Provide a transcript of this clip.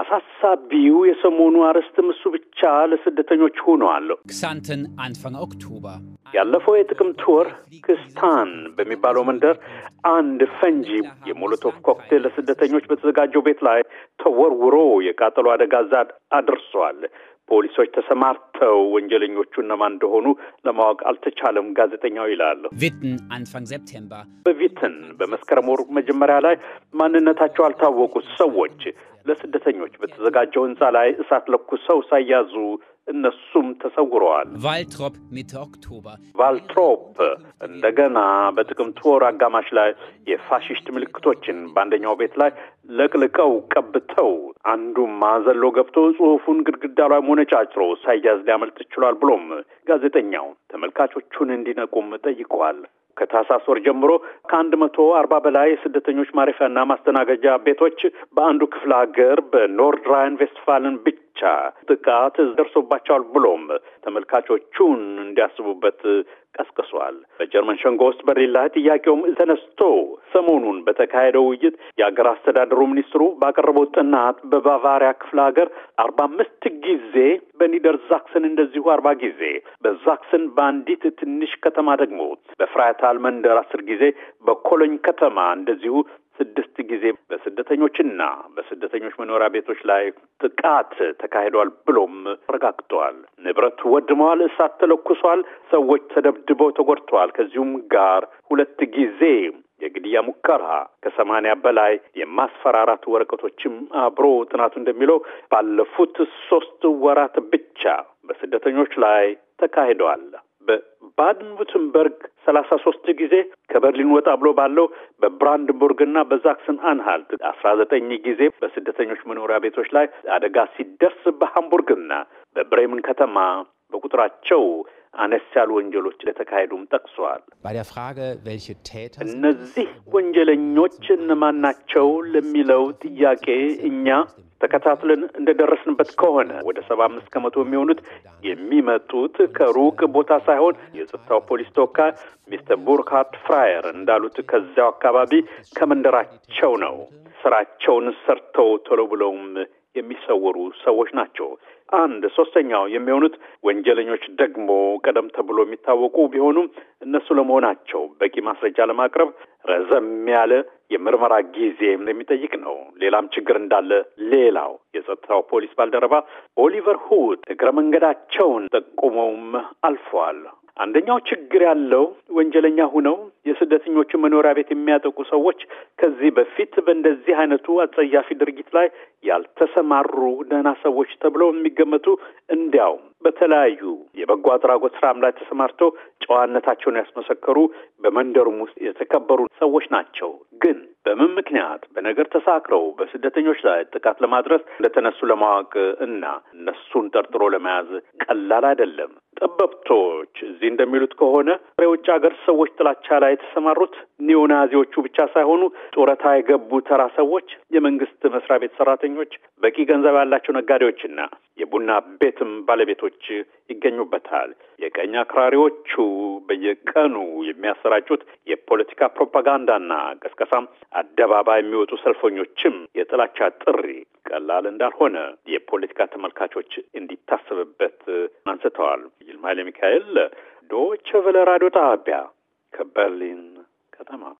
አሳሳቢው የሰሞኑ አርዕስትም እሱ ብቻ ለስደተኞች ሆነዋል። ክሳንትን አንፈን ኦክቶበር ያለፈው የጥቅምት ወር ክስታን በሚባለው መንደር አንድ ፈንጂ የሞሎቶቭ ኮክቴል ለስደተኞች በተዘጋጀው ቤት ላይ ተወርውሮ የቃጠሎ አደጋ ዛድ አድርሷል። ፖሊሶች ተሰማርተው ወንጀለኞቹ እነማን እንደሆኑ ለማወቅ አልተቻለም፣ ጋዜጠኛው ይላል። ቪትን አንፋንግ ሴፕቴምበር በቪትን በመስከረም ወር መጀመሪያ ላይ ማንነታቸው አልታወቁት ሰዎች ለስደተኞች በተዘጋጀው ህንፃ ላይ እሳት ለኩሰው ሳያዙ እነሱም ተሰውረዋል። ቫልትሮፕ ቫልትሮፕ እንደገና በጥቅምት ወር አጋማሽ ላይ የፋሽስት ምልክቶችን በአንደኛው ቤት ላይ ለቅልቀው ቀብተው አንዱም ማዘሎ ገብቶ ጽሑፉን ግድግዳ ላይ ሞነጫጭሮ ሳያዝ ሊያመልጥ ይችሏል ብሎም ጋዜጠኛው ተመልካቾቹን እንዲነቁም ጠይቀዋል። ከታህሳስ ወር ጀምሮ ከአንድ መቶ አርባ በላይ ስደተኞች ማረፊያና ማስተናገጃ ቤቶች በአንዱ ክፍለ ሀገር በኖርድ ራይን ቬስትፋልን ብቻ ብቻ ጥቃት ደርሶባቸዋል ብሎም ተመልካቾቹን እንዲያስቡበት ቀስቅሷል። በጀርመን ሸንጎ ውስጥ በሌላ ጥያቄውም ተነስቶ ሰሞኑን በተካሄደው ውይይት የአገር አስተዳደሩ ሚኒስትሩ ባቀረበው ጥናት በባቫሪያ ክፍለ ሀገር አርባ አምስት ጊዜ በኒደር ዛክሰን እንደዚሁ አርባ ጊዜ በዛክሰን በአንዲት ትንሽ ከተማ ደግሞ በፍራይታል መንደር አስር ጊዜ በኮሎኝ ከተማ እንደዚሁ ስድስት ጊዜ በስደተኞችና በስደተኞች መኖሪያ ቤቶች ላይ ጥቃት ተካሂዷል ብሎም አረጋግጠዋል። ንብረት ወድመዋል፣ እሳት ተለኩሷል፣ ሰዎች ተደብድበው ተጎድተዋል። ከዚሁም ጋር ሁለት ጊዜ የግድያ ሙከራ ከሰማንያ በላይ የማስፈራራት ወረቀቶችም አብሮ ጥናቱ እንደሚለው ባለፉት ሶስት ወራት ብቻ በስደተኞች ላይ ተካሂደዋል። በባድን ቡትንበርግ ሰላሳ ሶስት ጊዜ ከበርሊን ወጣ ብሎ ባለው በብራንድንቡርግና በዛክሰን አንሃልት አስራ ዘጠኝ ጊዜ በስደተኞች መኖሪያ ቤቶች ላይ አደጋ ሲደርስ በሃምቡርግና በብሬምን ከተማ በቁጥራቸው አነስ ያሉ ወንጀሎች እንደተካሄዱም ጠቅሰዋል። እነዚህ ወንጀለኞች እነማን ናቸው ለሚለው ጥያቄ እኛ ተከታትለን እንደደረስንበት ከሆነ ወደ ሰባ አምስት ከመቶ የሚሆኑት የሚመጡት ከሩቅ ቦታ ሳይሆን የጸጥታው ፖሊስ ተወካይ ሚስተር ቡርክሃርት ፍራየር እንዳሉት ከዚያው አካባቢ ከመንደራቸው ነው። ስራቸውን ሰርተው ቶሎ ብለውም የሚሰወሩ ሰዎች ናቸው። አንድ ሶስተኛው የሚሆኑት ወንጀለኞች ደግሞ ቀደም ተብሎ የሚታወቁ ቢሆኑም እነሱ ለመሆናቸው በቂ ማስረጃ ለማቅረብ ረዘም ያለ የምርመራ ጊዜ የሚጠይቅ ነው። ሌላም ችግር እንዳለ ሌላው የጸጥታው ፖሊስ ባልደረባ ኦሊቨር ሁድ እግረ መንገዳቸውን ጠቁመውም አልፈዋል። አንደኛው ችግር ያለው ወንጀለኛ ሁነው የስደተኞቹ መኖሪያ ቤት የሚያጠቁ ሰዎች ከዚህ በፊት በእንደዚህ አይነቱ አጸያፊ ድርጊት ላይ ያልተሰማሩ ደህና ሰዎች ተብለው የሚገመቱ እንዲያው በተለያዩ የበጎ አድራጎት ስራም ላይ ተሰማርተው ጨዋነታቸውን ያስመሰከሩ በመንደሩም ውስጥ የተከበሩ ሰዎች ናቸው። ግን በምን ምክንያት በነገር ተሳክረው በስደተኞች ላይ ጥቃት ለማድረስ እንደተነሱ ለማወቅ እና እነሱን ጠርጥሮ ለመያዝ ቀላል አይደለም። ጠበብቶች እዚህ እንደሚሉት ከሆነ የውጭ ሀገር ሰዎች ጥላቻ ላይ የተሰማሩት ኒዮናዚዎቹ ብቻ ሳይሆኑ ጡረታ የገቡ ተራ ሰዎች፣ የመንግስት መስሪያ ቤት ሰራተኞች፣ በቂ ገንዘብ ያላቸው ነጋዴዎችና የቡና ቤትም ባለቤቶች ይገኙበታል። የቀኝ አክራሪዎቹ በየቀኑ የሚያሰራጩት የፖለቲካ ፕሮፓጋንዳና ቀስቀሳም አደባባይ የሚወጡ ሰልፈኞችም የጥላቻ ጥሪ ቀላል እንዳልሆነ የፖለቲካ ተመልካቾች እንዲታሰብበት አንስተዋል። ኃይለ ሚካኤል ዶቸቨለ ራዲዮ ጣቢያ ከበርሊን ከተማ